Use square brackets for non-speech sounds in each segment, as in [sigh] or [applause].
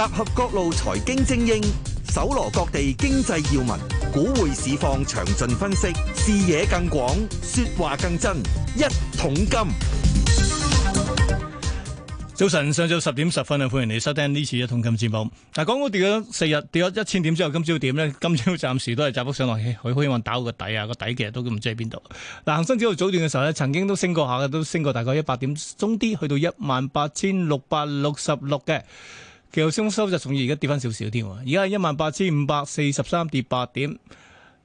集合各路財經精英，搜羅各地經濟要聞，股匯市況詳盡分析，視野更廣，說話更真。一桶金，早晨，上晝十點十分啊！歡迎你收聽呢次一桶金節目。嗱、啊，港股跌咗四日，跌咗一千點之後，今朝點呢？今朝暫時都係窄幅上落，佢、哎、好希望打我個底啊。個底其實都唔知喺邊度。嗱、啊，恒生指數早段嘅時候咧，曾經都升過下嘅，都升過大概一百點，中啲去到一萬八千六百六十六嘅。期油升幅收窄，仲要而家跌翻少少添。而家係一萬八千五百四十三，跌八點，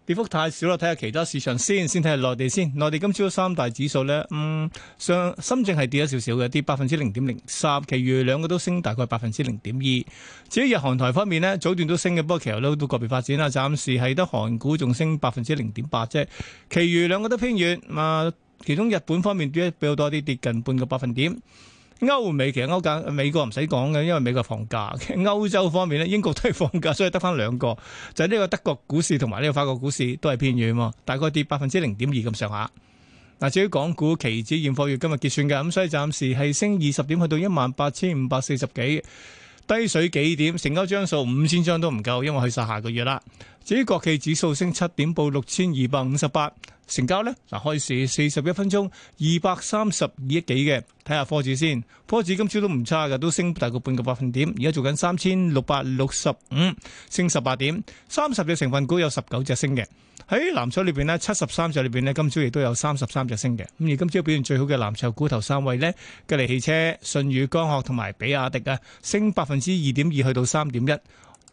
跌幅太少啦。睇下其他市場先，先睇下內地先。內地今朝三大指數呢，嗯，上深證係跌咗少少嘅，跌百分之零點零三。其餘兩個都升大概百分之零點二。至於日韓台方面呢，早段都升嘅，不過其實都都個別發展啊，暫時係得韓股仲升百分之零點八啫。其餘兩個都偏軟。啊，其中日本方面啲比較多啲，跌近半個百分點。歐美其實歐港美國唔使講嘅，因為美國放假。歐洲方面咧,英國都係放假，所以得返兩個，就係、是、呢個德國股市同埋呢個法國股市都係偏軟，大概跌百分之零點二咁上下。嗱，至於港股期指現貨，月今日結算嘅，咁所以暫時係升二十點，去到一萬八千五百四十幾。低水幾點？成交張數五千張都唔夠，因為去晒下個月啦。至於國企指數升七點，報六千二百五十八。成交呢？嗱，開市四十一分鐘二百三十二億幾嘅，睇下科指先。科指今朝都唔差㗎，都升大概半個百分點。而家做緊三千六百六十五，升十八點。三十隻成分股有十九隻升嘅。喺藍籌裏邊呢，七十三隻裏邊呢，今朝亦都有三十三隻升嘅。咁而今朝表現最好嘅藍籌股頭三位呢，吉利汽車、舜宇光學同埋比亞迪啊，升百分之二點二去到三點一。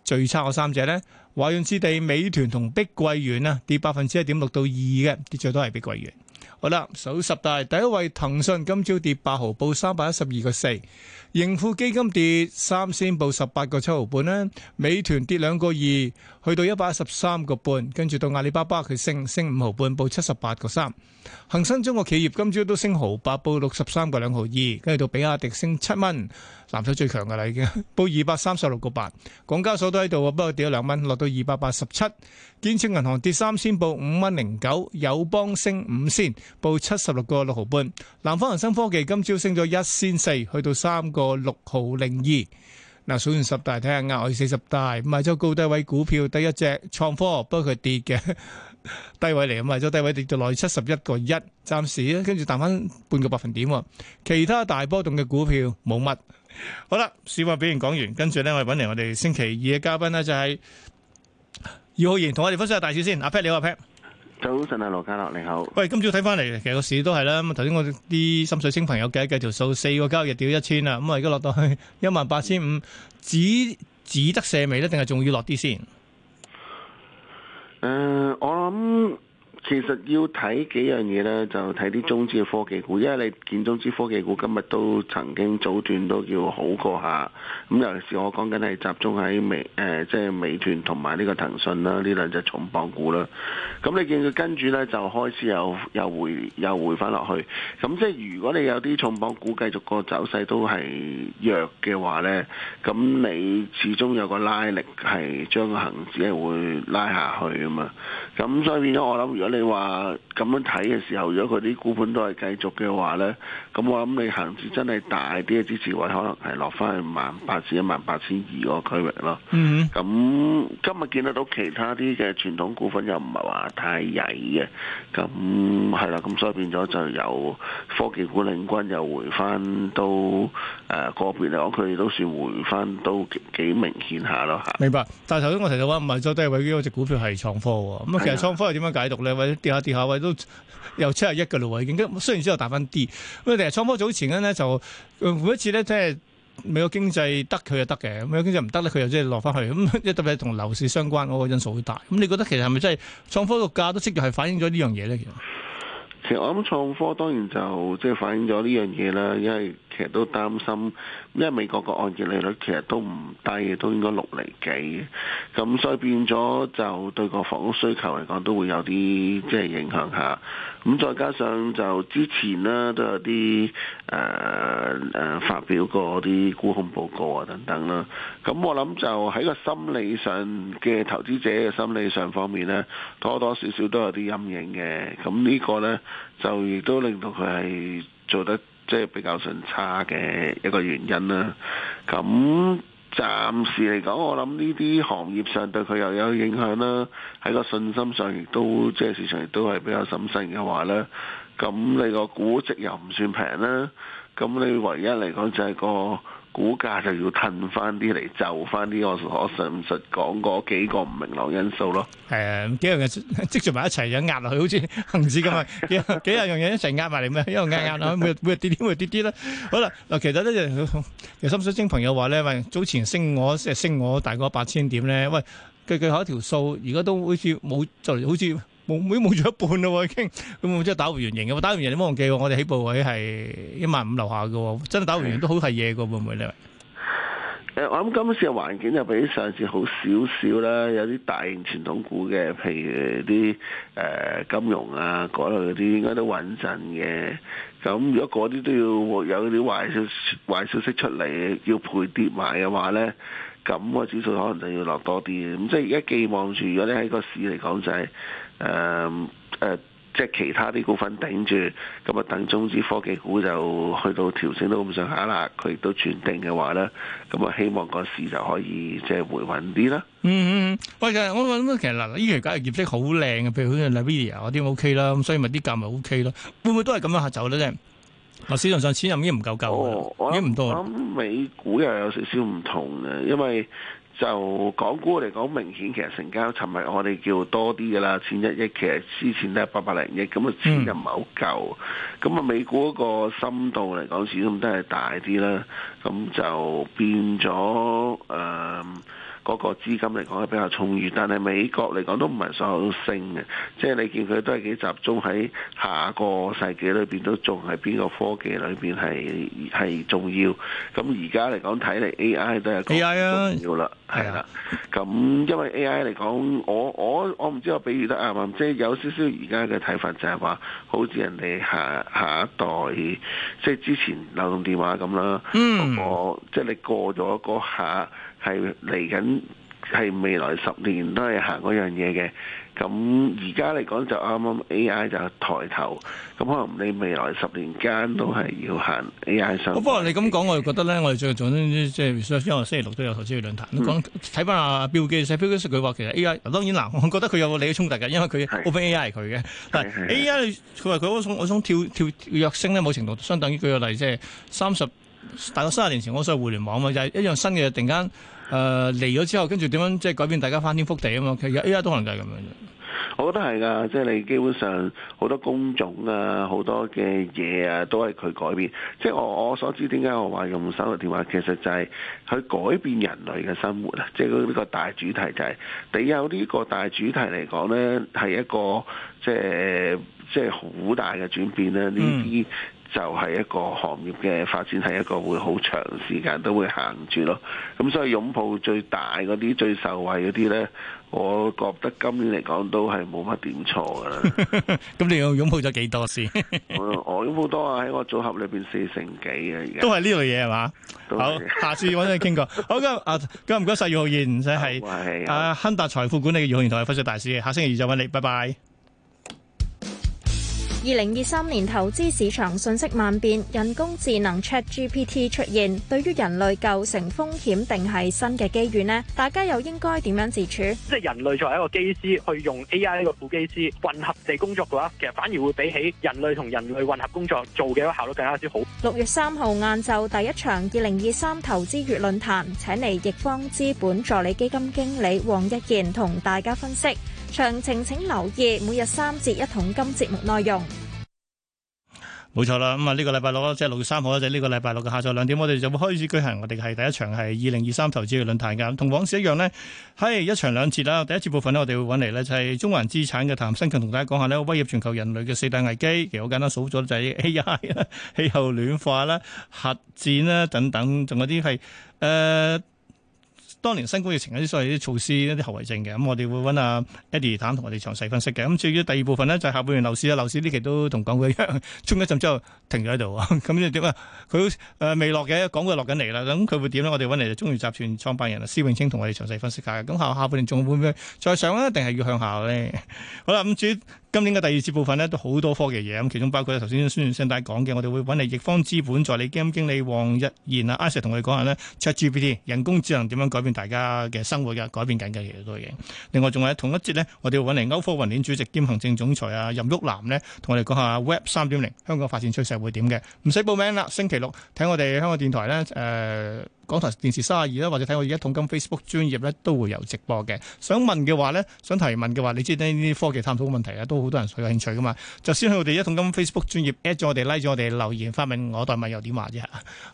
最差嘅三隻呢，華潤置地、美團同碧桂園啊，跌百分之一點六到二嘅，跌最多係碧桂園。好啦，數十大第一位，騰訊今朝跌八毫報，報三百一十二個四。盈富基金跌三仙，報十八個七毫半咧。美團跌兩個二，去到一百一十三個半，跟住到阿里巴巴佢升升五毫半，報七十八個三。恒生中國企業今朝都升毫八，報六十三個兩毫二，跟住到比亞迪升七蚊，藍籌最強噶啦已經，報二百三十六個八。港交所都喺度啊，不過跌咗兩蚊，落到二百八十七。建設銀行跌三仙，報五蚊零九。友邦升五仙，報七十六個六毫半。南方恒生科技今朝升咗一仙四，去到三個。個六毫零二，嗱，數完十大睇下，額外四十大，賣咗高低位股票，得一隻創科，不過佢跌嘅低位嚟，咁賣咗低位跌到落去七十一個一，暫時啊，跟住彈翻半個百分點喎，其他大波動嘅股票冇乜，好啦，市話表現講完，跟住咧我揾嚟我哋星期二嘅嘉賓咧就係姚浩然，同我哋分享下大市先，阿 Pat 你好阿 Pat。早晨啊，羅嘉樂你好。喂，今朝睇翻嚟，其實個市都係啦。咁頭先我啲深水清朋友計，計條數四個交易日掉一千啦。咁啊而家落到去一萬八千五，只只得射尾咧，定係仲要落啲先？誒、呃，我諗。其實要睇幾樣嘢咧，就睇啲中資嘅科技股，因為你見中資科技股今日都曾經早段都叫好過下，咁尤其是我講緊係集中喺美誒，即係美團同埋呢個騰訊啦，呢兩隻重磅股啦，咁你見佢跟住咧就開始又又回又回翻落去，咁即係如果你有啲重磅股繼續個走勢都係弱嘅話咧，咁你始終有個拉力係將個恒指係會拉下去啊嘛，咁所以變咗我諗如果。你話咁樣睇嘅時候，如果佢啲股份都係繼續嘅話咧，咁我諗你行至真係大啲嘅支持位，可能係落翻去萬八至一萬八千二嗰個區域咯。嗯咁、mm hmm. 今日見得到其他啲嘅傳統股份又唔係話太曳嘅，咁係啦。咁所以變咗就由科技股領軍，又回翻到誒個別嚟講，佢都算回翻都幾，幾明顯下咯嚇。明白。但係頭先我提到話唔係最低位圍繞一隻股票係創科喎。咁其實創科係點樣解讀咧？哎跌下，跌下跌下，位都又七廿一噶啦喎，已經。雖然之後大翻啲，咁但係創科早前咧就每一次咧即係美國經濟得佢就得嘅，美國經濟唔得咧佢又即係落翻去。咁即係特別係同樓市相關嗰個因素會大。咁、嗯、你覺得其實係咪真係創科個價都即係係反映咗呢樣嘢？咧？其實？其實我諗創科當然就即係反映咗呢樣嘢啦，因為其實都擔心，因為美國個按揭利率其實都唔低，都應該六厘幾，咁所以變咗就對個房屋需求嚟講都會有啲即係影響吓，咁再加上就之前咧都有啲誒誒發表過啲沽空報告啊等等啦，咁我諗就喺個心理上嘅投資者嘅心理上方面呢，多多少少都有啲陰影嘅，咁呢個呢。就亦都令到佢係做得即係、就是、比較順差嘅一個原因啦。咁暫時嚟講，我諗呢啲行業上對佢又有影響啦。喺個信心上，亦都即係市場亦都係比較審慎嘅話呢，咁你個估值又唔算平啦。咁你唯一嚟講就係個。股價就要褪翻啲嚟就翻啲，我我上述講嗰幾個唔明朗因素咯。係啊，幾樣嘢積聚埋一齊，有壓落去，好似恒指咁啊，幾幾廿樣嘢一齊壓埋嚟，咪一路壓壓下，每日每日跌啲，每日跌啲啦。好啦，嗱，其實咧就有深水清朋友話咧，喂，早前升我升我大概八千點咧，喂，計計好一條數，而家都好似冇就好似。冇都冇咗一半啦，已經咁我即係打回原形嘅，打回原形你冇忘記，我哋起步位係一萬五樓下嘅，真係打回原形都好係嘢嘅，會唔會咧？誒，我諗今次嘅環境就比上次好少少啦，有啲大型傳統股嘅，譬如啲誒金融啊嗰類嗰啲，應該都穩陣嘅。咁如果嗰啲都要有啲壞消壞消息出嚟，要陪跌埋嘅話咧，咁個指數可能就要落多啲。咁即係而家寄望住，如果你喺個市嚟講就係。誒誒，um, uh, 即係其他啲股份頂住，咁啊等中資科技股就去到調整到咁上下啦，佢亦都轉定嘅話咧，咁啊希望個市就可以即係回穩啲啦、嗯。嗯嗯，喂，其實我諗其實嗱，依期梗係業績好靚嘅，譬如好似 l 納米爾嗰啲 OK 啦，咁所以咪啲價咪 OK 咯，會唔會都係咁樣下走咧啫？嗱、啊，市場上錢又已經唔夠夠、哦、已經唔多啦。我諗、嗯、美股又有少少唔同嘅，因為。就港股嚟講，明顯其實成交尋日我哋叫多啲嘅啦，千一億其實之前都係八百零億，咁啊錢又唔係好夠，咁啊美股嗰個深度嚟講，始終都係大啲啦，咁就變咗誒。呃嗰個資金嚟講係比較充裕，但係美國嚟講都唔係所有都升嘅，即係你見佢都係幾集中喺下個世紀裏邊都仲係邊個科技裏邊係係重要。咁而家嚟講睇嚟 AI 都係重要啦，係啦。咁因為 AI 嚟講，我我我唔知我比喻得啱唔啱，即係有少少而家嘅睇法就係話，好似人哋下下一代，即係之前流動電話咁啦，我，嗯，即係你過咗嗰下。係嚟緊，係未來十年都係行嗰樣嘢嘅。咁而家嚟講就啱啱 A.I. 就抬頭，咁可能你未來十年間都係要行 A.I. 上。不過、嗯、你咁講，我就覺得咧，我哋最最即係，因為星期六都有投資論壇，咁講睇翻，阿 Bill 嘅 Bill 佢話其實 A.I. 當然啦，我覺得佢有個利益衝突嘅，因為佢 OpenAI 佢嘅。是但係 A.I. 佢話佢我想跳跳躍升，咧，某程度相等於舉個例，即係三十。大概三十年前，我所謂互聯網嘛，就係、是、一樣新嘅嘢，突然間誒嚟咗之後，跟住點樣即係改變大家翻天覆地啊嘛。其實而家都能夠就係咁樣。我覺得係噶，即係你基本上好多工種啊，好多嘅嘢啊，都係佢改變。即係我我所知，點解我話用手提電話，其實就係佢改變人類嘅生活啊。即係呢個大主題就係、是，你有呢個大主題嚟講咧，係一個即係即係好大嘅轉變咧。呢啲。嗯就係一個行業嘅發展，係一個會好長時間都會行住咯。咁所以擁抱最大嗰啲、最受惠嗰啲咧，我覺得今年嚟講都係冇乜點錯㗎喇。咁、 [laughs] 嗯、 [laughs] 你又擁抱咗幾多先？ [laughs] 我擁抱多啊！喺我組合裏邊四成幾嘅、啊，而家都係呢類嘢係嘛？好，多謝 好，下次揾你傾過。好咁啊，今日唔該晒楊浩然，唔使係啊，亨達財富管理嘅楊浩然同你分析大市。下星期二再揾你，拜拜。二零二三年投資市場信息萬變，人工智能 ChatGPT 出現，對於人類構成風險定係新嘅機遇呢？大家又應該點樣自處？即係人類作為一個機師，去用 AI 一個副機師混合地工作嘅話，其實反而會比起人類同人類混合工作做嘅一個效率更加之好。六月三號晏晝第一場二零二三投資月論壇，請嚟易方資本助理基金經理黃一健同大家分析。詳情請留意每日三節一桶金節目內容。冇錯啦，咁啊呢個禮拜六即係六月三號，就係呢個禮拜六嘅下晝兩點，我哋就會開始舉行我哋係第一場係二零二三投資嘅論壇噶。同往時一樣呢，係一場兩節啦。第一節部分呢，我哋會揾嚟呢，就係中環資產嘅譚新強同大家講下咧，威脅全球人類嘅四大危機。其實好簡單數咗就係 A I 啦、氣候暖化啦、核戰啦等等，仲有啲係誒。呃當年新冠疫情嗰啲所謂啲措施一啲後遺症嘅，咁我哋會揾阿 Eddie 坦同我哋詳細分析嘅。咁至於第二部分呢，就係，下半年樓市啊，樓市呢期都同港股一樣衝一陣之後停咗喺度啊。咁你點啊？佢誒未落嘅，港股落緊嚟啦。咁佢會點呢？我哋揾嚟就中原集團創辦人啊，施永青同我哋詳細分析下嘅。咁下下半年仲會唔會再上咧、啊？定係要向下咧？ [laughs] 好啦，五主。今年嘅第二節部分咧都好多科技嘢，咁其中包括咧頭先孫元生帶講嘅，我哋會揾嚟易方資本助理基金經理王日賢啊，阿 Sir 同我哋講下咧，ChatGPT 人工智能點樣改變大家嘅生活嘅，改變緊嘅其實都已經。另外仲有同一節呢，我哋會揾嚟歐科雲鏈主席兼行政總裁啊任旭南呢，同我哋講下 Web 三點零香港發展趨勢會點嘅，唔使報名啦，星期六睇我哋香港電台咧誒。呃港台電視三十二啦，或者睇我而家一桶金 Facebook 專頁咧都會有直播嘅。想問嘅話咧，想提問嘅話，你知呢啲科技探討嘅問題都好多人有興趣噶嘛。就先喺我哋一桶金 Facebook 專頁 at 咗我哋，拉咗、like、我哋留言發問，我代問又點話啫？咁、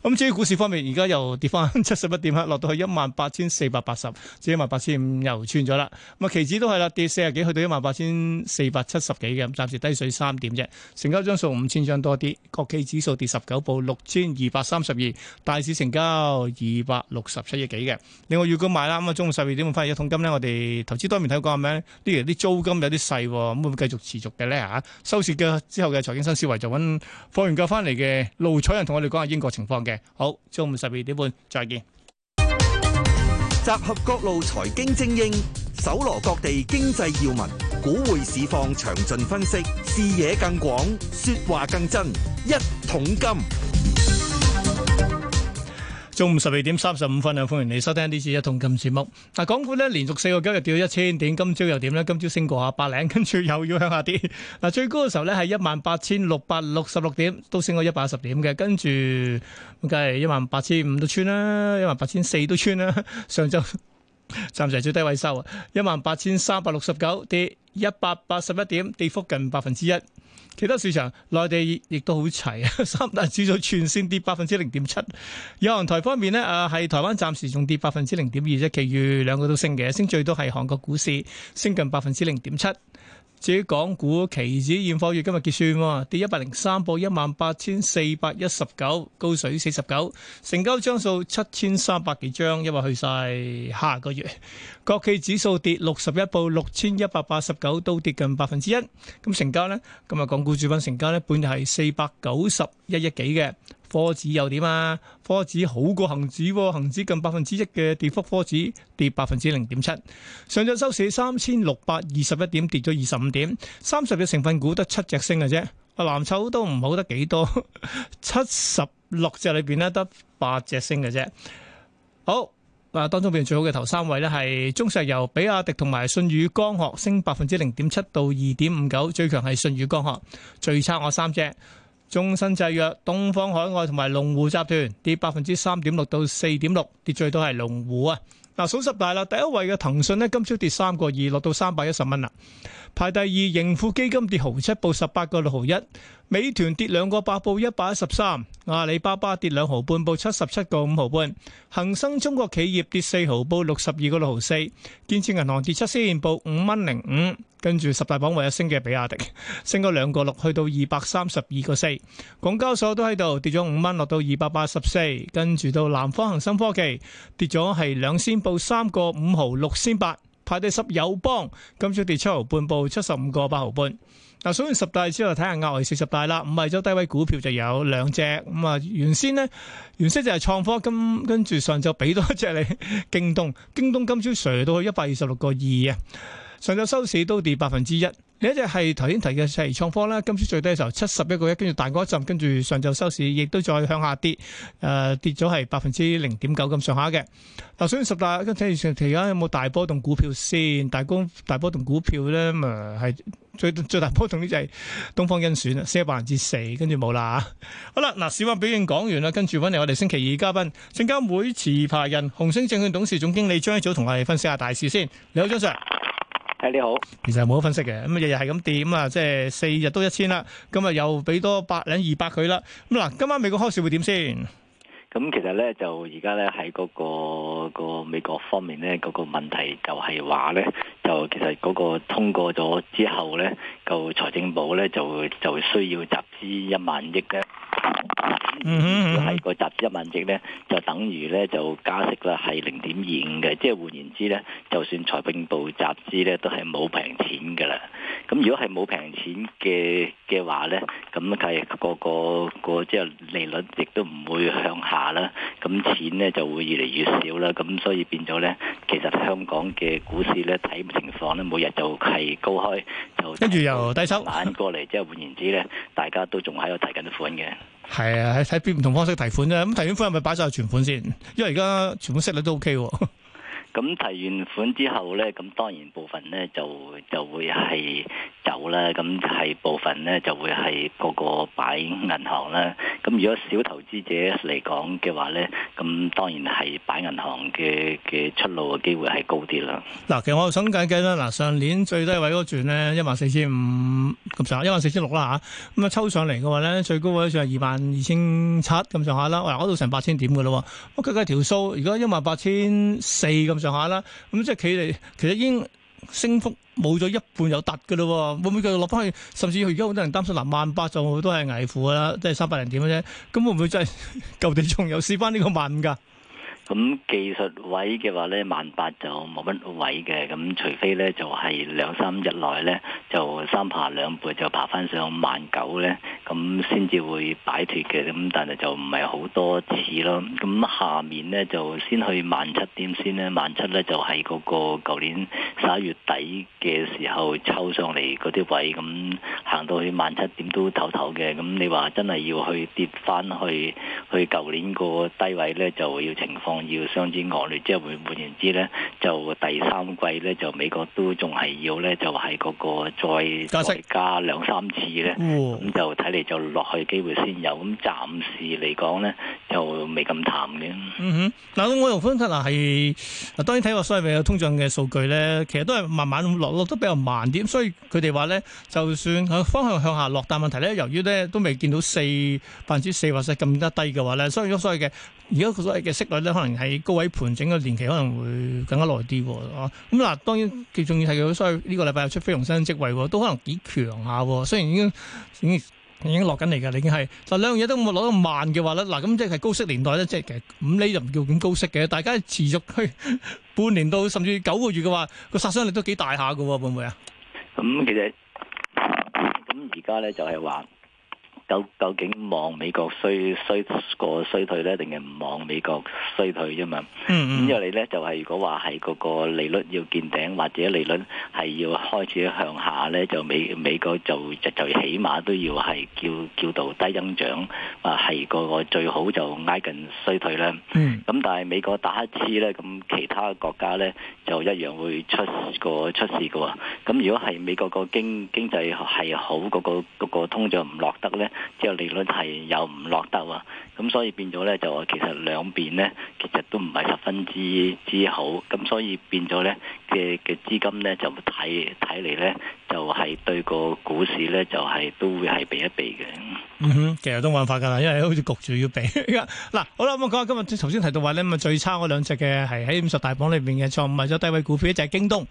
嗯、至於股市方面，而家又跌返七十一點，落到去一萬八千四百八十，至一萬八千五又穿咗啦。咁啊，期指都係啦，跌四十幾，去到一萬八千四百七十幾嘅，暫時低水三點啫。成交張數五千張多啲，國企指數跌十九報，六千二百三十二，大市成交二百六十七億幾嘅，另外如果買啦，咁啊中午十二點半翻嚟，一桶金咧，我哋投資多面睇講下咩咧？例如啲租金有啲細，咁會唔會繼續持續嘅咧啊？收市嘅之後嘅財經新思維就揾放完價翻嚟嘅盧彩仁同我哋講下英國情況嘅。好，中午十二點半再見。集合各路財經精英，搜羅各地經濟要聞，股匯市況詳盡分析，視野更廣，說話更真，一桶金。中午十二點三十五分啊！歡迎你收聽呢次一桶金節目。嗱，港股咧連續四個交易日跌咗一千點，今朝又點咧？今朝升過下百零，跟住又要向下跌。嗱，最高嘅時候咧係一萬八千六百六十六點，都升過一百一十點嘅。跟住梗係一萬八千五都穿啦，一萬八千四都穿啦。上周暫時係最低位收啊，一萬八千三百六十九跌一百八十一點，跌幅近百分之一。其他市場，內地亦都好齊啊，三大指數全線跌百分之零點七。有行台方面呢，啊、呃，係台灣暫時仲跌百分之零點二啫，其餘兩個都升嘅，升最多係韓國股市，升近百分之零點七。至於港股期指現貨，月今日結算跌一百零三，報一萬八千四百一十九，高水四十九，成交張數七千三百幾張，因為去晒下個月，國企指數跌六十一，報六千一百八十九，都跌近百分之一，咁成交呢？今日港股主板成交呢，本日係四百九十一億幾嘅。科指又點啊？科指好過恒指，哦，恒指近百分之一嘅跌幅，科指跌百分之零點七。上晝收市三千六百二十一點，跌咗二十五點。三十隻成分股得七隻升嘅啫，藍籌都唔好得幾多，七十六隻裏邊咧得八隻升嘅啫。好，啊當中表現最好嘅頭三位呢，係中石油、比亞迪同埋舜宇光學，升百分之零點七到二點五九，最強係舜宇光學，最差我三隻。中新製藥、東方海外同埋龍湖集團跌百分之三點六到四點六，跌最多係龍湖啊！嗱，數十大啦，第一位嘅騰訊呢，今朝跌三個二，落到三百一十蚊啦。排第二，盈富基金跌毫七，報十八個六毫一。美團跌兩個八，報一百一十三；阿里巴巴跌兩毫，毫半，報七十七個五毫半；恒生中國企業跌四毫，報六十二個六毫四；建設銀行跌七仙，報五蚊零五。跟住十大榜唯一升嘅比亞迪，升咗兩個六，去到二百三十二個四。港交所都喺度跌咗五蚊，落到二百八十四。跟住到南方恒生科技跌咗係兩仙，報三個五毫六仙八。排第十友邦，今朝跌七毫，毫半，報七十五個八毫半。嗱，數完十大之後睇下額外四十大啦，唔係咗低位股票就有兩隻，咁啊原先咧，原先就係創科今，跟住上晝俾多一隻你，京東，京東今朝瀉到去一百二十六個二啊，上晝收市都跌百分之一。另一隻係頭先提嘅齊創科啦，今次最低嘅時候七十一個一，跟住彈過一浸，跟住上晝收市亦都再向下跌，誒、呃、跌咗係百分之零點九咁上下嘅。嗱、呃，所以十大跟住上，而家有冇大波動股票先？大股大波動股票咧，啊、呃、係最最大波動呢就係東方甄選啦，升百分之四，跟住冇啦嚇。 [laughs] 好啦，嗱市況表現講完啦，跟住揾嚟我哋星期二嘉賓，證監會持牌人、紅星證券董事總經理張一祖同我哋分析下大市先。你好，張 sir。誒，hey, 你好，其實冇得分析嘅，咁日日係咁點啊？即係四日都一千啦，今日又俾多百兩二百佢啦，咁嗱，今晚美國開市會點先？咁其實咧就而家咧喺嗰個個美國方面咧嗰、嗰個問題就係話咧，就其實嗰個通過咗之後咧。就財政部咧就就需要集資一萬億咧，如果係個集資一萬億咧，就等於咧就加息啦，係零點二五嘅。即係換言之咧，就算財政部集資咧都係冇平錢㗎啦。咁如果係冇平錢嘅嘅話咧，咁、那、計個個個即係利率亦都唔會向下啦。咁錢咧就會越嚟越少啦。咁所以變咗咧，其實香港嘅股市咧，睇情況咧，每日就係高開，就跟住低收，捱過嚟，即係換言之咧，大家都仲喺度提緊款嘅。係啊，喺睇邊唔同方式提款啫。咁提款款係咪擺手存款先？因為而家存款息率都 OK 喎。 [laughs] 咁提完款之後咧，咁當然部分咧就就會係走啦，咁係部分咧就會係個個擺銀行啦。咁如果小投資者嚟講嘅話咧，咁當然係擺銀行嘅嘅出路嘅機會係高啲啦。嗱，其實我想計計啦，嗱，上年最低位嗰轉咧，一萬四千五咁上下，一萬四千六啦嚇。咁啊抽上嚟嘅話咧，最高位就係二萬二千七咁上下啦。嗱，嗰度成八千點嘅咯喎，我計計條數，如果一萬八千四咁。下啦，咁即係企嚟，其實已經升幅冇咗一半，有突嘅咯，會唔會繼續落翻去？甚至佢而家好多人擔心，嗱、啊、萬八就好多係危乎啦，即係三百零點嘅啫，咁會唔會真係 [laughs] 舊地重遊試翻呢個萬五㗎？咁技術位嘅話呢，萬八就冇乜位嘅，咁除非呢，就係兩三日內呢，就三爬兩撥就爬翻上萬九呢。咁先至會擺脫嘅，咁但係就唔係好多次咯。咁下面呢，就先去萬七點先呢，萬七呢，就係嗰個舊年十一月底嘅時候抽上嚟嗰啲位，咁行到去萬七點都唞唞嘅。咁你話真係要去跌翻去，去舊年個低位呢，就要情況。要相之惡劣，即係換換言之咧，就第三季咧，就美國都仲係要咧，就係嗰個再加息再加兩三次咧，咁、哦、就睇嚟就落去機會先有，咁暫時嚟講咧就未咁淡嘅。嗯哼，嗱，我用分析嗱係，當然睇話所謂嘅通脹嘅數據咧，其實都係慢慢落落，得比較慢啲，所以佢哋話咧，就算係方向向下落，但問題咧，由於咧都未見到四百分之四或者咁加低嘅話咧，所以所以嘅而家所謂嘅息率咧可能。喺高位盤整嘅年期可能會更加耐啲，啊，咁、啊、嗱，當然最重要係佢，所以呢個禮拜又出非農新職位，啊，都可能幾強下。雖然已經已經已經落緊嚟噶，已經係，但兩樣嘢都冇攞到慢嘅話咧，嗱，啊，咁即係高息年代咧，即係其實五厘就唔叫咁高息嘅，大家持續去半年到甚至九個月嘅話，個殺傷力都幾大下噶、啊，會唔會啊？咁、嗯、其實咁而家咧就係、是、話。究究竟望美國衰衰個衰退咧，定係唔望美國衰退啫嘛？咁因為你咧就係、是、如果話係嗰個利率要見頂，或者利率係要開始向下咧，就美美國就就，就起碼都要係叫叫到低增長，啊係個個最好就挨近衰退啦。咁、mm hmm. 但係美國打乞嗤咧，咁其他國家咧就一樣會出個出事嘅喎。咁如果係美國個經經濟係好，嗰、嗰個、嗰個嗰個通脹唔落得咧？之後利率係又唔落得喎，咁所以變咗咧就話其實兩邊咧其實都唔係十分之之好，咁所以變咗咧嘅嘅資金咧就會睇睇嚟咧。就係對個股市咧，就係、是、都會係避一避嘅、嗯。其實都冇辦法噶啦，因為好似焗住要避。嗱， [laughs] 好啦，咁講下今日頭先提到話咧，咁啊最差嗰兩隻嘅係喺五十大榜裏邊嘅，創埋咗低位股票，一隻係京東，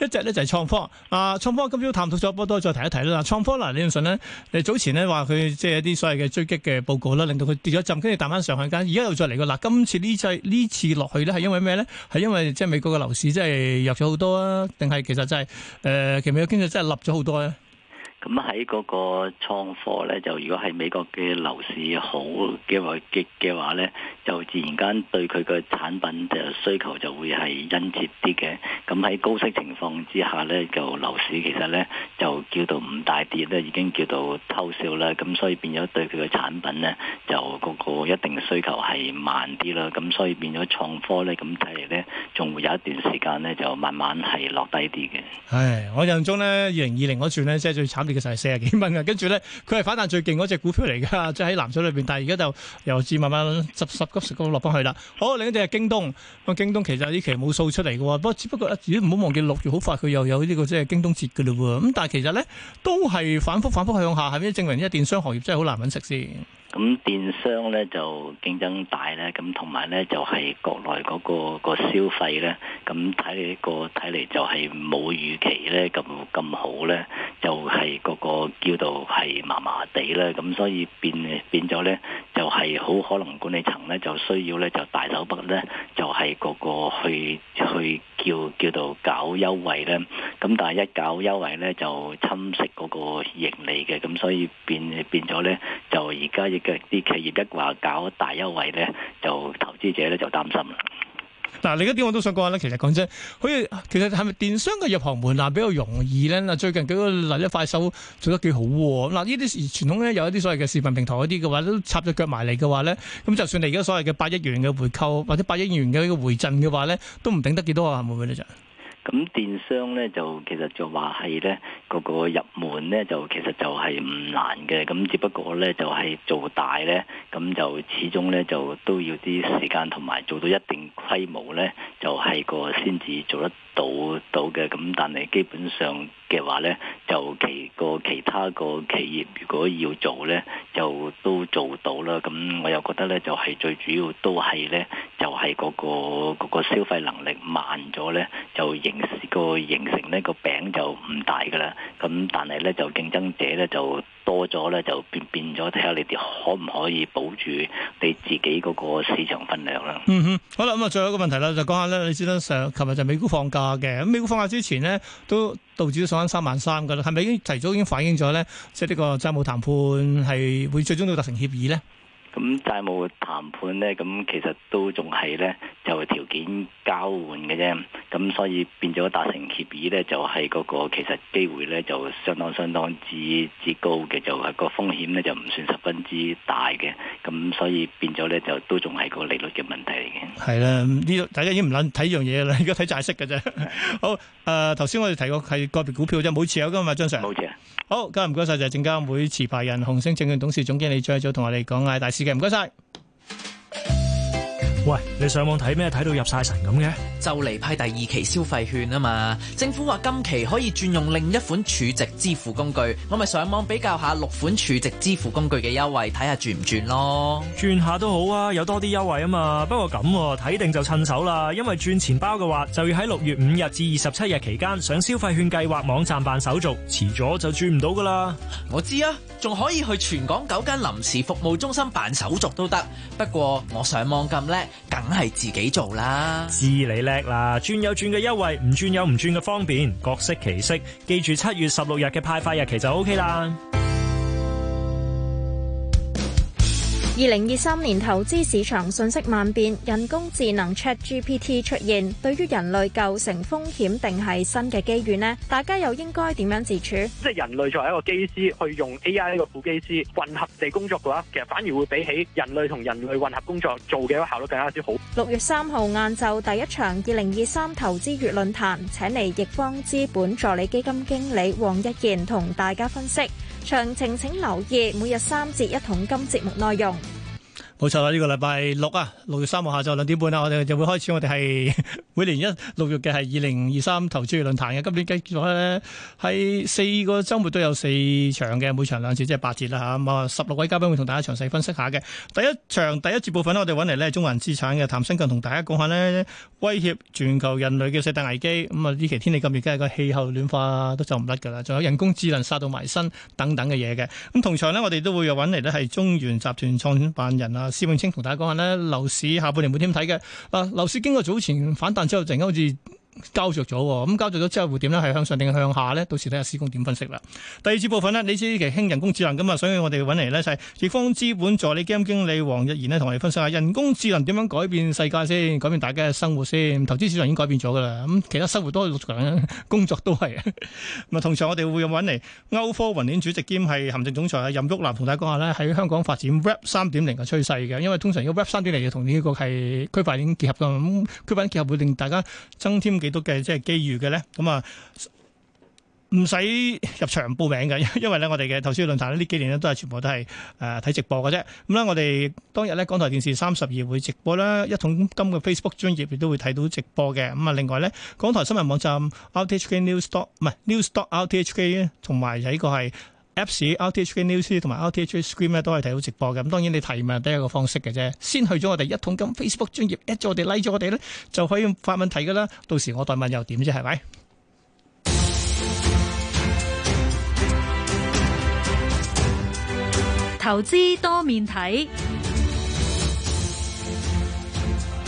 一隻呢就係創科。啊，創科今朝探討咗波多，多再提一提啦。嗱，創科嗱，你論上咧，誒早前呢話佢即係一啲所謂嘅追擊嘅報告啦，令到佢跌咗浸，跟住彈翻上去間，而家又再嚟個。嗱，今次，次，今次呢隻呢次落去咧，係因為咩咧？係因為即係美國嘅樓市即係弱咗好多啊？定係其實真係誒，其美經濟立咗好多啊！咁喺嗰個創科咧，就如果係美國嘅樓市好嘅話，激嘅話咧，就自然間對佢嘅產品嘅需求就會係殷切啲嘅。咁喺高息情況之下咧，就樓市其實咧就叫到唔大跌咧，已經叫到偷笑啦。咁所以變咗對佢嘅產品咧，就嗰個一定嘅需求係慢啲啦。咁所以變咗創科咧，咁睇嚟咧，仲會有一段時間咧，就慢慢係落低啲嘅。唉，我印象中咧，二零二零嗰轉咧，即係最慘。呢個就係四十幾蚊嘅，跟住咧佢係反彈最勁嗰隻股票嚟噶，即係喺藍籌裏邊。但係而家就由自慢慢，慢，慢十十級十落翻去啦。好，另一隻係京東。咁京東其實呢期冇數出嚟嘅喎，不過只不過啊，自己唔好忘記六月好快佢又有呢、呢個即係京東節嘅嘞喎。咁但係其實咧都係反覆反覆向下，係咪證明呢一電商行業真係好難揾食先？咁電商咧就競爭大咧，咁同埋咧就係國內嗰個個消費咧，咁睇嚟個睇嚟就係冇預期咧咁咁好咧，就係個個叫做係麻麻地啦。咁所以變變咗咧，就係好可能管理層咧就需要咧就大手筆咧，就係個個去去叫叫做搞優惠咧。咁但係一搞優惠咧就侵蝕嗰個盈利嘅，咁所以變變咗咧就而家亦。啲企業一話搞大優惠咧，就投資者咧就擔心啦。嗱、啊，另一點我都想講咧，其實講真，好似其實係咪電商嘅入行門檻比較容易咧？嗱，最近幾個嗱，一快手做得幾好喎、啊。嗱、啊，呢啲傳統咧有一啲所謂嘅視頻平台嗰啲嘅話都插咗腳埋嚟嘅話咧，咁就算你而家所謂嘅八億元嘅回購或者八億元嘅回贈嘅話咧，都唔頂得幾多啊？會唔會咧就？咁電商咧就其實就話係咧，個個入門咧就其實就係唔難嘅，咁只不過咧就係、是、做大咧，咁就始終咧就都要啲時間同埋做到一定規模咧，就係、是、個先至做得到到嘅。咁但係基本上嘅話咧，就其個其他個企業如果要做咧，就都做到啦。咁我又覺得咧就係、是、最主要都係咧。係嗰、那個、那個消費能力慢咗咧，就形、那個形成、那個、呢個餅就唔大噶啦。咁但係咧就競爭者咧就多咗咧，就變變咗睇下你哋可唔可以保住你自己嗰個市場份量啦，嗯。嗯哼，好啦，咁啊，最後一個問題啦，就講下咧，你知得上，琴日就美股放假嘅，咁美股放假之前咧都道指都上翻三萬三噶啦，係咪已經提早已經反映咗咧？即係呢個債務談判係會最終到達成協議咧？咁債務談判咧，咁其實都仲係咧。就係條件交換嘅啫，咁所以變咗達成協議咧，就係、是、嗰個其實機會咧就相當相當之之高嘅，就係、是、個風險咧就唔算十分之大嘅，咁所以變咗咧就都仲係個利率嘅問題嚟嘅。係啦，呢度大家已經唔諗睇樣嘢啦，而家睇債息嘅啫。 [laughs] 好，誒頭先我哋提過係個別股票啫，冇持有噶嘛，張 Sir。冇持有。好，今日唔該晒，就係證監會持牌人、紅星證券董事總經理張偉祖同我哋講嗌大市嘅，唔該晒。喂，你上網睇咩？睇到入晒神咁嘅，就嚟派第二期消費券啊嘛！政府話今期可以轉用另一款儲值支付工具，我咪上網比較下六款儲值支付工具嘅優惠，睇下轉唔轉咯？轉下都好啊，有多啲優惠啊嘛！不過咁喎，睇定就趁手啦，因為轉錢包嘅話，就要喺六月五日至二十七日期間上消費券計劃網站辦手續，遲咗就轉唔到噶啦。我知啊，仲可以去全港九間臨時服務中心辦手續都得，不過我上網咁叻。梗係自己做啦！知你叻啦！轉有轉嘅優惠，唔轉有唔轉嘅方便，各色其色！記住七月十六日嘅派發日期就 O K 啦！二零二三年投資市場瞬息萬變，人工智能 ChatGPT 出現，對於人類構成風險定係新嘅機遇呢？大家又應該點樣自處？即係人類作為一個機師，去用 AI 呢個副機師混合地工作嘅話，其實反而會比起人類同人類混合工作做嘅一個效率更加之好。六月三號晏晝第一場二零二三投資月論壇，請嚟易方資本助理基金經理黃一健同大家分析。詳情請留意每日三節一桶金節目內容。冇錯啦！呢、這個禮拜六啊，六月三號下晝兩點半啦，我哋就會開始。我哋係 [laughs] 每年一六月嘅係二零二三投資論壇嘅。今年繼續咧，係四個週末都有四場嘅，每場兩節，即係八節啦嚇。咁啊、嗯，十六位嘉賓會同大家詳細分析下嘅。第一場第一節部分，我哋揾嚟呢中環資產嘅譚新強同大家講下呢威脅全球人類嘅四大危機。咁、嗯、啊，呢期天氣咁熱，梗係個氣候暖化都就唔甩噶啦。仲有人工智能殺到埋身等等嘅嘢嘅。咁、嗯、同場呢，我哋都會揾嚟呢係中原集團創辦人啊。施永青同大家講下呢樓市下半年會點睇嘅。啊，樓市經過早前反彈之後，突然間好似。交着咗，咁、嗯、交着咗之後會點呢？係向上定向下呢，到時睇下師公點分析啦。第二節部分咧，呢次其實興人工智能咁啊，所以我哋揾嚟呢，就係易方資本助理兼經理黃日賢呢，同我哋分析下人工智能點樣改變世界先，改變大家嘅生活先。投資市場已經改變咗噶啦，咁、嗯、其他生活都陸續緊，工作都係咁啊。 [laughs] 同時我哋會又揾嚟歐科雲鏈主席兼係行政總裁任旭南同大家講下呢，喺香港發展 Web 三點零嘅趨勢嘅，因為通常個 Web 三點零同呢個係區塊鏈結合噶，咁區塊鏈結合會令大家增添幾。都嘅即係機遇嘅咧，咁啊唔使入場報名嘅，因為咧我哋嘅投資論壇咧呢幾年咧都係全部都係誒睇直播嘅啫。咁咧我哋當日咧港台電視三十二會直播啦，一桶金嘅 Facebook 專頁亦都會睇到直播嘅。咁啊，另外咧港台新聞網站 RTHK Newsdot 唔係 Newsdot RTHK 咧，同埋就呢個係。Apps、e、RTHK News 同埋 RTHK Screen 咧都係睇到直播嘅，咁當然你提問都係一個方式嘅啫。先去咗我哋一桶金 Facebook 專頁 [music] ，at 咗我哋 like 咗我哋咧就可以發問題噶啦。到時我代問又點啫，係咪？投資多面睇。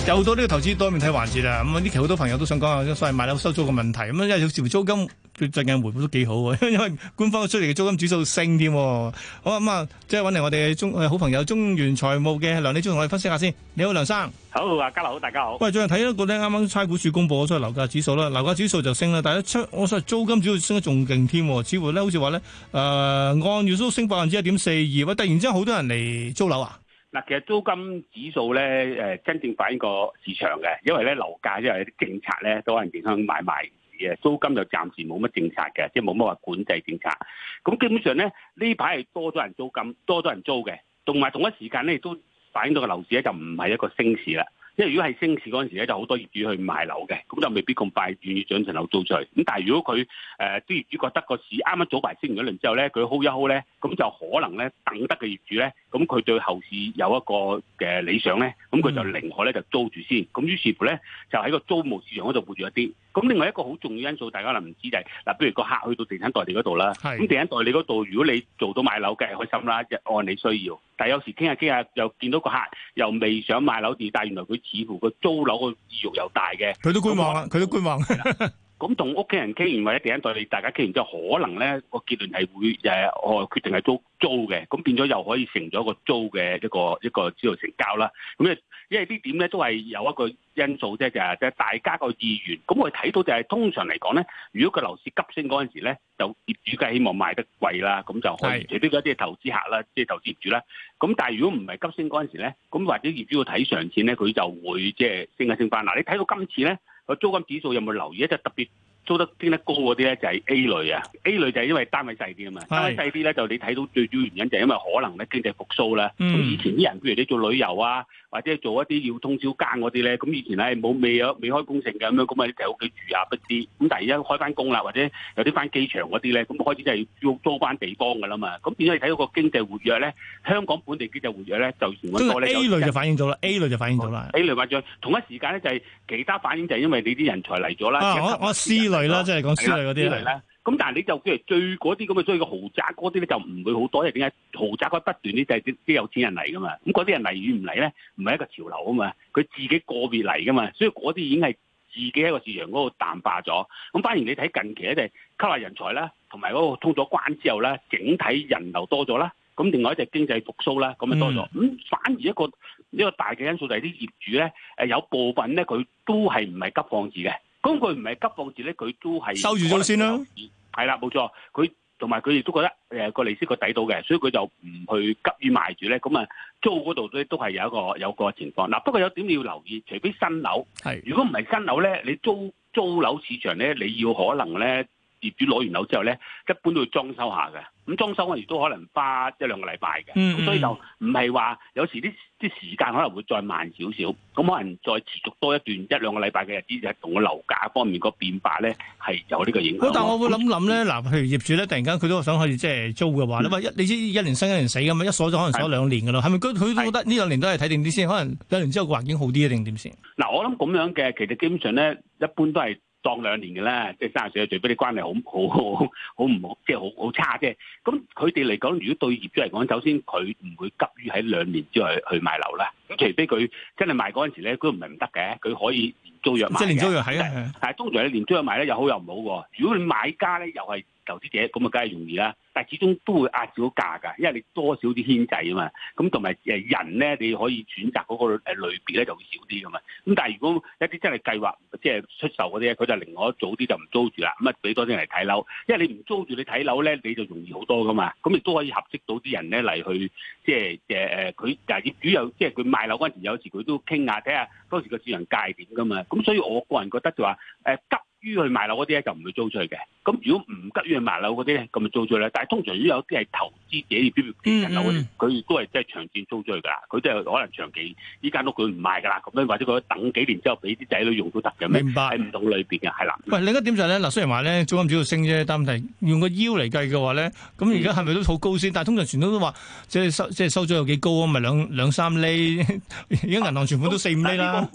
有好多呢個投資多面睇環節啊！咁呢期好多朋友都想講下，所謂買樓收租嘅問題咁啊，因為有時租金佢最近回報都幾好啊，因為官方出嚟嘅租金指數升添。好咁啊、嗯，即係搵嚟我哋中好朋友中原財務嘅梁利忠同我哋分析下先。你好，梁生。好啊，家好，大家好。喂，最近睇一個呢啱啱差估署公布咗出嚟樓價指數啦，樓價指數就升啦，但係出我實租金指數升得仲勁添，似乎咧好似話咧誒按月租升百分之一點四二，喂，突然之間好多人嚟租樓啊？嗱，其實租金指數咧，誒真正反映個市場嘅，因為咧樓價因為啲政策咧都可能影響買賣嘅，租金就暫時冇乜政策嘅，即係冇乜話管制政策。咁基本上咧，呢排係多咗人租金，多咗人租嘅，同埋同一時間咧都反映到個樓市咧就唔係一個升市啦。因為如果係升市嗰陣時咧，就好多業主去買樓嘅，咁就未必咁快願意將層樓租出去。咁但係如果佢誒啲業主覺得個市啱啱早排升完一輪之後咧，佢 hold 一 hold 咧，咁就可能咧等得嘅業主咧。咁佢對後市有一個嘅理想呢，咁佢就寧可呢就租住先，咁、嗯、於是乎呢，就喺個租務市場嗰度活住一啲。咁另外一個好重要因素，大家可能唔知就係、是、嗱，譬如個客去到地產代理嗰度啦，咁的地產代理嗰度如果你做到買樓嘅開心啦，就按你需要。但係有時傾下傾下又見到個客又未想買樓住，但係原來佢似乎個租樓個意欲又大嘅，佢都觀望啦，佢都觀望。 [laughs] 咁同屋企人傾完或者第一代你大家傾完之後，可能咧個結論係會誒，我、就是、決定係租租嘅，咁變咗又可以成咗一個租嘅一個一個資料成交啦。咁誒，因為呢點咧都係有一個因素啫，就係即係大家個意願。咁我睇到就係、是、通常嚟講咧，如果個樓市急升嗰陣時咧，就業主梗係希望賣得貴啦，咁就可以除非嗰啲投資客啦，即、就、係、是、投資業主啦。咁但係如果唔係急升嗰陣時咧，咁或者業主要睇上線咧，佢就會即係升一升翻。嗱，你睇到今次咧？個租金指數有冇留意？即係特別租得升得高嗰啲咧，就係 A 類啊。A 類就係因為單位細啲啊嘛，是單位細啲咧就你睇到最主要原因就係因為可能咧經濟復甦啦。咁以前啲人，譬如你做旅遊啊。或者做一啲要通宵更嗰啲咧，咁以前咧冇未有未開工程嘅，咁樣咁咪喺屋企住啊不知咁但係而家開翻工啦，或者有啲翻機場嗰啲咧，咁開始就係要租返地方嘅啦嘛。咁變咗你睇到個經濟活躍咧，香港本地經濟活躍咧就好多咧。A 類就反映咗啦，A 類就反映咗啦，A 類或者、就是、同一時間咧就係其他反應就係因為你啲人才嚟咗啦。我我 C 類啦，即係講 C 類嗰啲啦。咁但係你就即係最嗰啲咁嘅，所以個豪宅嗰啲咧就唔會好多，因為點解豪宅佢不斷咧就係啲啲有錢人嚟噶嘛，咁嗰啲人嚟與唔嚟咧，唔係一個潮流啊嘛，佢自己個別嚟噶嘛，所以嗰啲已經係自己喺個市場嗰度淡化咗。咁反而你睇近期一隻吸納人才啦，同埋嗰個通咗關之後咧，整體人流多咗啦，咁另外一隻經濟復甦啦，咁咪多咗。咁反而一個一個大嘅因素就係啲業主咧，誒有部分咧佢都係唔係急放置嘅。咁佢唔係急放住咧，佢都係收住咗先啦，係啦冇錯，佢同埋佢亦都覺得誒個、呃、利息佢抵到嘅，所以佢就唔去急於賣住咧。咁啊租嗰度咧都係有一個有個情況。嗱不過有點你要留意，除非新樓，係的如果唔係新樓咧，你租租樓市場咧，你要可能咧業主攞完樓之後咧，一般都要裝修下嘅。咁裝修我哋都可能花一兩個禮拜嘅，咁、嗯嗯、所以就唔係話有時啲啲時間可能會再慢少少，咁可能再持續多一段一兩個禮拜嘅日子，就同個樓價方面個變化咧係有呢個影響、嗯。但係我會諗諗咧，嗱、嗯，譬如業主咧，突然間佢都想可以即係租嘅話，嗯、你知一年生一年死嘅嘛，一鎖咗可能鎖兩年嘅咯，係咪佢都覺得呢兩年都係睇定啲先，是可能兩年之後個環境好啲定點先？嗱、嗯，我諗咁樣嘅，其實基本上咧，一般都係。當兩年嘅啦，即係三十歲嘅最屘啲關係好好好唔好，即係好好差啫。咁佢哋嚟講，如果對業主嚟講，首先佢唔會急於喺兩年之內去買樓啦。咁除非佢真係賣嗰陣時咧，佢唔係唔得嘅，佢可以連租約，即係連租約係，但係通常咧連租約賣咧又好又唔好喎。如果你買家咧又係。投資者咁啊，梗係容易啦，但係始終都會壓少價㗎，因為你多少啲牽制啊嘛。咁同埋誒人咧，你可以選擇嗰個誒類別咧，就會少啲㗎嘛。咁但係如果一啲真係計劃即係出售嗰啲咧，佢就寧可早啲就唔租住啦。咁啊俾多啲人嚟睇樓，因為你唔租住，你睇樓咧你就容易好多㗎嘛。咁亦都可以合適到啲人咧嚟去即係誒誒，佢但係業主又即係佢賣樓嗰陣時，有時佢都傾下睇下當時個市場界點㗎嘛。咁所以我個人覺得就話誒急。於去賣樓嗰啲咧就唔會租出去嘅，咁如果唔急於去賣樓嗰啲咧，咁咪租出去。但係通常如果有啲係投資者要租住啲層樓嗰啲，佢亦都係即係長線租出去㗎啦。佢都係可能長期依間屋佢唔賣㗎啦，咁樣或者佢等幾年之後俾啲仔女用都得嘅。明白係唔同類別嘅係啦。喂，另一點就係咧，嗱，雖然話咧租金主要升啫，但係用個腰嚟計嘅話咧，咁而家係咪都好高先？但係通常傳統都話即係收即係收租有幾高啊？咪兩兩三釐，而家銀行存款都四五釐啦。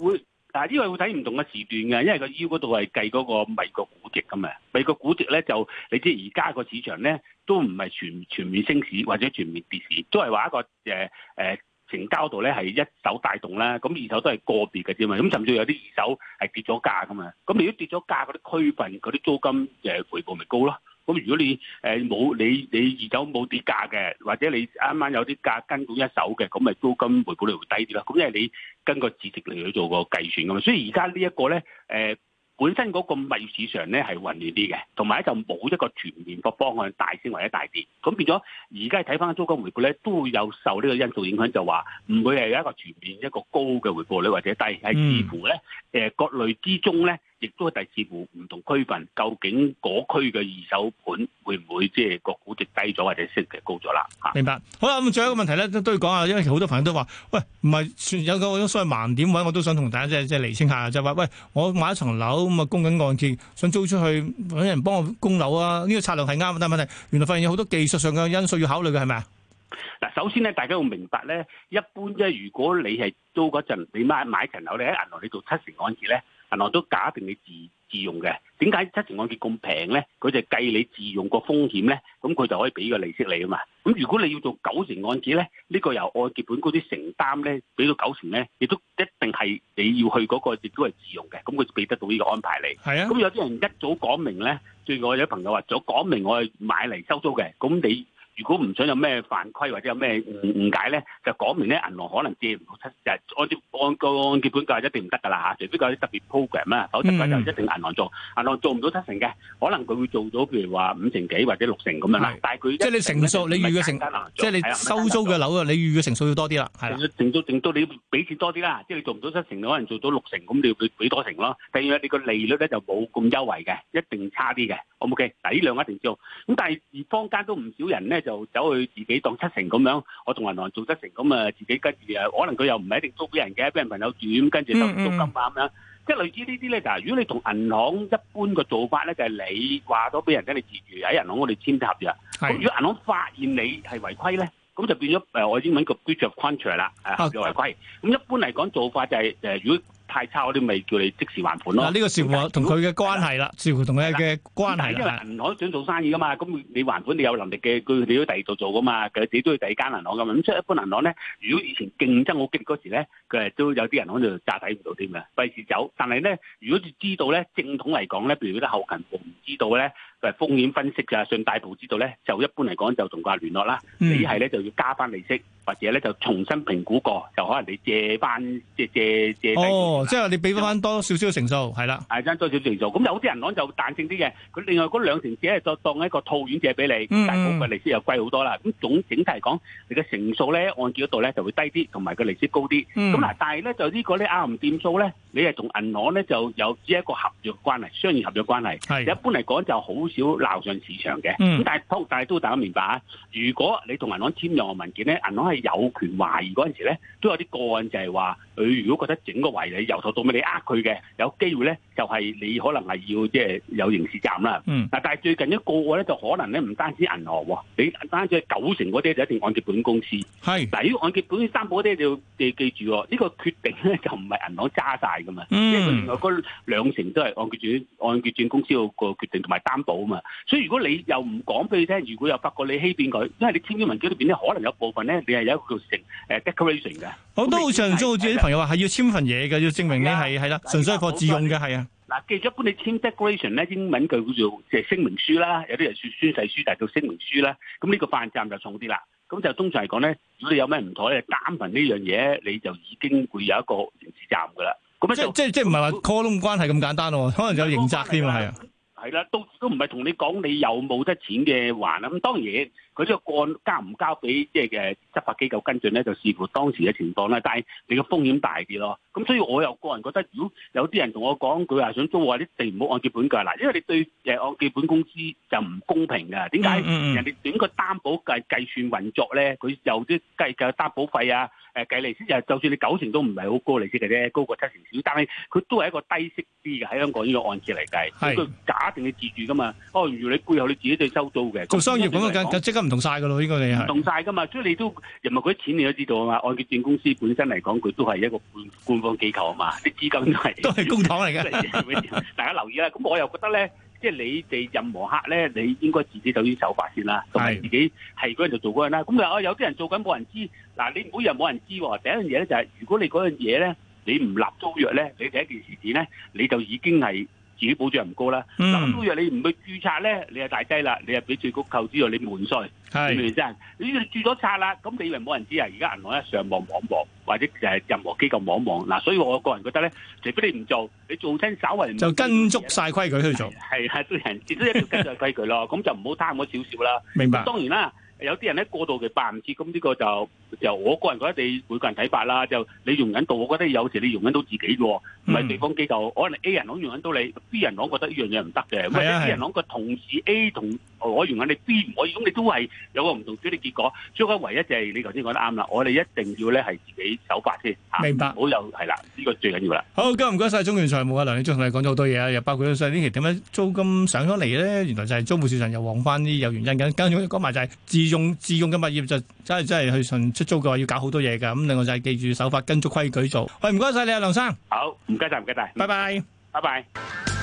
但係呢個會睇唔同嘅時段嘅，因為個腰嗰度係計嗰個美國估值㗎嘛，美國估值咧就你知而家個市場咧都唔係全全面升市或者全面跌市，都係話一個誒誒、呃呃、成交度咧係一手帶動啦，咁二手都係個別嘅啫嘛，咁甚至有啲二手係跌咗價㗎嘛，咁如果跌咗價嗰啲區份嗰啲租金誒回報咪高咯？咁如果你誒冇你你二手冇跌價嘅，或者你啱啱有啲價跟到一手嘅，咁咪租金回報率會低啲啦。咁因為你根據市值嚟去做個計算噶嘛，所以而家呢一個咧誒本身嗰個物業市場咧係混亂啲嘅，同埋咧就冇一個全面嘅方向大升或者大跌。咁變咗而家睇翻租金回報咧，都會有受呢個因素影響，就話唔會係有一個全面一個高嘅回報率或者低，係視乎咧誒各類之中咧。亦都係第四步，唔同區份，究竟嗰區嘅二手盤會唔會即係個估值低咗，或者升值高咗啦？嚇，明白。好啦，咁最後一個問題咧，都要講下，因為其實好多朋友都話，喂，唔係算有個所謂盲點位，我都想同大家即係即係釐清下，就係話，喂，我買一層樓咁啊，供緊按揭，想租出去揾人幫我供樓啊？呢個策略係啱，但問題原來發現有好多技術上嘅因素要考慮嘅，係咪啊？嗱，首先咧，大家要明白咧，一般即係，如果你係租嗰陣，你買買層樓，你喺銀行你做七成按揭咧。銀行都假定你自自用嘅，點解七成按揭咁平咧？佢就計你自用個風險咧，咁佢就可以俾個利息你啊嘛。咁如果你要做九成按揭咧，呢個由按揭本高啲承擔咧，俾到九成咧，亦都一定係你要去嗰個亦都係自用嘅，咁佢就俾得到呢個安排你。係啊，咁有啲人一早講明咧，最我有朋友話，早講明我係買嚟收租嘅，咁你。如果唔想有咩犯規或者有咩誤誤解咧，就講明咧銀行可能借唔到七成，就按照按個按揭本價一定唔得噶啦嚇，除非嗰啲特別 program 啊，否則咧就一定銀行做，銀行做唔到七成嘅，可能佢會做到譬如話五成幾或者六成咁樣啦。是但係佢即係你成數，你預嘅成數即係你做、嗯、收租嘅樓，嗯、樓你預嘅成數要多啲啦。成數成數成數，你俾錢多啲啦。即係你做唔到七成，你可能做到六成，咁你要俾俾多成咯。第二係你個利率咧就冇咁優惠嘅，一定差啲嘅。O K，底量一定做。咁但係而坊間都唔少人咧。就走去自己當七成咁樣，我同銀行做七成咁啊，自己跟住啊，可能佢又唔係一定租俾人嘅，俾人朋友住咁，跟住收租金啊咁樣，嗯嗯即係類似呢啲咧。嗱，如果你同銀行一般嘅做法咧，就係、是、你話咗俾人聽，你自住喺銀行，我哋簽合約。是如果銀行發現你係違規咧，咁就變咗誒，我英文個 breach of contract 啦，誒叫違規。咁、哦、一般嚟講做法就係、是、誒，就係、如果。太差，嗰啲咪叫你即時還款咯。嗱、啊，呢個視乎同佢嘅關係啦，視乎同佢嘅關係。因為銀行想做生意噶嘛，咁你還款，你有能力嘅，佢哋都第二度做噶嘛。佢自己都要第二間銀行噶嘛。咁所以一般銀行咧，如果以前競爭好激烈嗰時咧，佢係都有啲銀行就炸底嗰度添嘅，費事走。但係咧，如果你知道咧，正統嚟講咧，譬如啲後勤部唔知道咧。誒風險分析㗎，信貸部知道咧，就一般嚟講就同佢聯絡啦。你係咧就要加翻利息，或者咧就重新評估過，就可能你借翻借借借低啲。哦,即係你俾翻多少少成數，係啦，係爭多少少成數。咁有啲銀行就彈性啲嘅，佢另外嗰兩成借係作當一個套現借俾你，但係嗰個利息又貴好多啦。咁總整體嚟講，你嘅成數咧按揭嗰度咧就會低啲，同埋個利息高啲。咁嗱，但係咧就呢個咧拗唔掂數咧，你係同銀行咧就有只一個合約關係，商業合約關係。係一般嚟講就好。少鬧上市場嘅，咁但係，但係都大家明白啊！如果你同銀行簽任何文件咧，銀行係有權懷疑嗰陣時咧，都有啲個案就係話。 [music] [music] [music] 佢如果覺得整個圍你由頭到尾你呃佢嘅，有機會咧就係、是、你可能係要即係有刑事責任啦。嗱、嗯，但係最近一個個咧就可能咧唔單止銀行，你單止係九成嗰啲就一定按揭本公司。係嗱是，如果按揭本三保嗰啲，你要記記住呢、呢個決定咧就唔係銀行揸晒噶嘛，即係佢另外嗰兩成都係按揭轉按揭轉公司個個決定同埋擔保啊嘛。所以如果你又唔講俾佢聽，如果又發覺你欺騙佢，因為你簽咗文件入邊咧可能有部分咧你係有一個成誒 decoration 嘅。我都好又話係要簽份嘢嘅，要證明你係係啦，純粹係貨自用嘅，係啊。嗱、嗯，記一般你簽 declaration 咧，英文佢叫做即係聲明書啦。有啲人說宣誓書，但係叫聲明書啦。咁呢個犯站就重啲啦。咁就通常嚟講咧，如果你有咩唔妥咧，單憑呢樣嘢，你就已經會有一個刑事站噶啦。咁咧就即即即唔係話 call 都咁關係咁簡單咯，可能就有刑責添啊。係啦，都都唔係同你講你有冇得錢嘅還啊。咁當然。佢即係個案交唔交俾即係嘅執法機構跟進咧，就視乎當時嘅情況啦。但係你個風險大啲咯。咁、嗯、所以我又個人覺得，如果有啲人同我講，佢話想租我啲地唔好按揭本嘅嗱，因為你對誒按揭本公司就唔公平嘅。點解？人哋整個擔保計計算運作咧，佢有啲計嘅擔保費啊，誒計利息。就、啊、就算你九成都唔係好高利息嘅啫，高過七成少。但係佢都係一個低息啲嘅喺香港呢、這個按揭嚟計。佢是假定你自住㗎嘛？哦、啊，如你背後你自己都收租嘅。商業咁即動晒噶咯，呢個你係動晒噶嘛，是所以你都任何啲錢你都知道啊嘛。按揭證公司本身嚟講，佢都係一個官官方機構啊嘛，啲資金都係都係公帑嚟噶， [laughs] [laughs] 大家留意啦。咁我又覺得咧，即係你哋任何客咧，你應該自己就依手法先啦，同埋是自己係嗰樣就做嗰樣啦。咁啊，有啲人做緊冇人知，嗱，你唔好以為冇人知。第一樣嘢咧就係、是，如果你嗰樣嘢咧，你唔立租約咧，你第一件事事咧，你就已經係。自己保障唔高啦，咁如果你唔去註冊咧，你係大低啦，你係俾最高扣資助你滿稅，明唔明先？你註咗冊啦，咁是你以為冇人知啊？而家銀行咧上網望一望，或者誒任何機構望一望，嗱，所以我個人覺得咧，除非你唔做，你做親稍為就跟足晒規矩去做，係 [laughs] 啊，對人都少一條跟住規矩咯，咁 [laughs] 就唔好貪咗少少啦。明白。當然啦。有啲人咧過度嘅八五折，咁、這、呢個就就我個人覺得你每個人睇法啦。就你容忍度，我覺得有時你容忍到自己嘅，唔係對方機構。可能、嗯、A 人可以容忍到你，B 人講覺得呢樣嘢唔得嘅，啊、或者 B 人講個同事 A 同我容忍你 B 唔可以，咁你都係有個唔同處理結果。最後唯一就係你頭先講得啱啦，我哋一定要咧係自己守法先明白。好有係啦。呢、這個最緊要啦。好，今日唔該晒中原財務啊。梁先生同你講咗好多嘢啊，又包括咗所以呢期點樣租金上咗嚟咧，原來就係租務市場又旺翻啲，有原因嘅。跟住講埋就係用自用嘅物業就真係真係去純出租嘅話，要搞好多嘢㗎。咁另外就係記住守法跟足規矩做。喂，唔該晒你啊，梁生。好 bye，唔該晒，唔該晒。拜拜，拜拜。